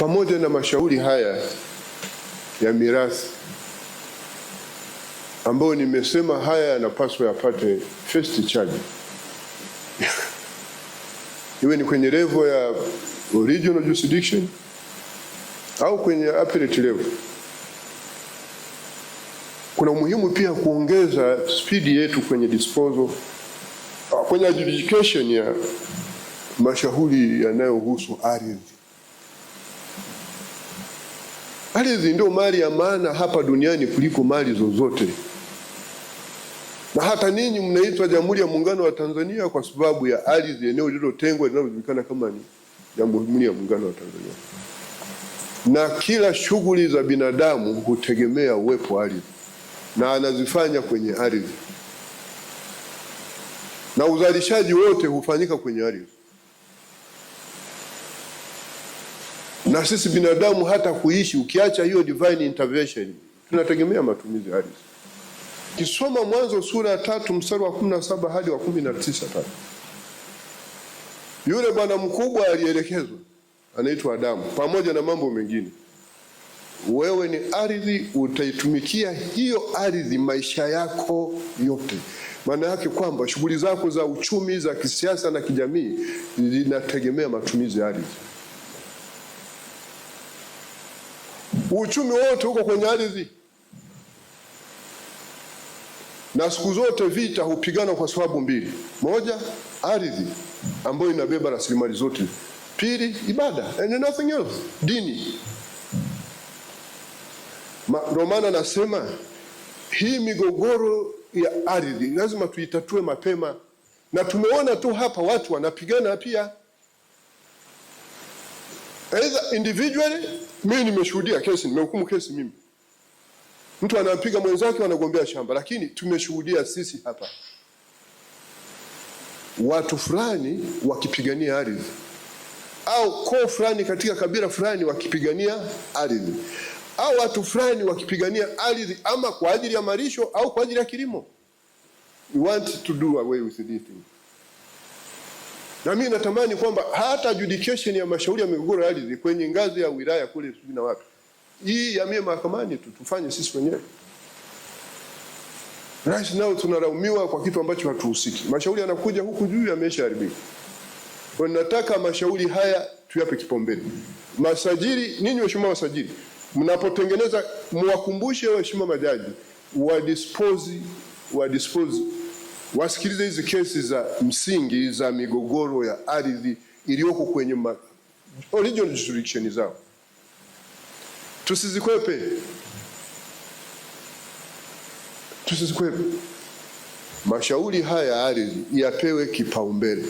Pamoja na mashauri haya ya mirathi ambayo nimesema haya yanapaswa yapate first charge iwe ni kwenye level ya original jurisdiction au kwenye appellate level. Kuna umuhimu pia kuongeza spidi yetu kwenye disposal, kwenye adjudication ya mashauri yanayohusu ardhi. Ardhi ndio mali ya maana hapa duniani kuliko mali zozote, na hata ninyi mnaitwa Jamhuri ya Muungano wa Tanzania kwa sababu ya ardhi, eneo lililotengwa linalojulikana kama ni Jamhuri ya Muungano wa Tanzania, na kila shughuli za binadamu hutegemea uwepo wa ardhi na anazifanya kwenye ardhi, na uzalishaji wote hufanyika kwenye ardhi. na sisi binadamu hata kuishi, ukiacha hiyo divine intervention, tunategemea matumizi halisi. Kisoma Mwanzo sura ya tatu mstari wa kumi na saba hadi wa kumi na tisa tatu yule bwana mkubwa alielekezwa, anaitwa Adamu, pamoja na mambo mengine, wewe ni ardhi, utaitumikia hiyo ardhi maisha yako yote. Maana yake kwamba shughuli zako za uchumi, za kisiasa na kijamii zinategemea matumizi ya ardhi. Uchumi wote uko kwenye ardhi, na siku zote vita hupigana kwa sababu mbili: moja, ardhi ambayo inabeba rasilimali zote; pili, ibada and nothing else, dini. Ndio maana nasema hii migogoro ya ardhi lazima tuitatue mapema, na tumeona tu hapa watu wanapigana pia either individually. Mimi nimeshuhudia kesi, nimehukumu kesi mimi, mtu anampiga mwenzake, wanagombea shamba, lakini tumeshuhudia sisi hapa watu fulani wakipigania ardhi au koo fulani katika kabila fulani wakipigania ardhi au watu fulani wakipigania ardhi ama kwa ajili ya malisho au kwa ajili ya kilimo. We want to do away with this thing na mimi natamani kwamba hata adjudication ya mashauri ya migogoro ya ardhi kwenye ngazi ya wilaya kule sijui na wapi, hii mimi mahakamani tu, tufanye sisi wenyewe. Right now tunalaumiwa kwa kitu ambacho hatuhusiki. Mashauri yanakuja huku juu yameshaharibika. Kwa nataka mashauri haya tuyape kipaumbele. Masajili, ninyi waheshimiwa wasajili, mnapotengeneza mwakumbushe waheshimiwa majaji wa dispose wa dispose wasikilize hizi kesi za msingi za migogoro ya ardhi iliyoko kwenye ma original jurisdiction zao, tusizikwepe, tusizikwepe. Mashauri haya ya ardhi yapewe kipaumbele.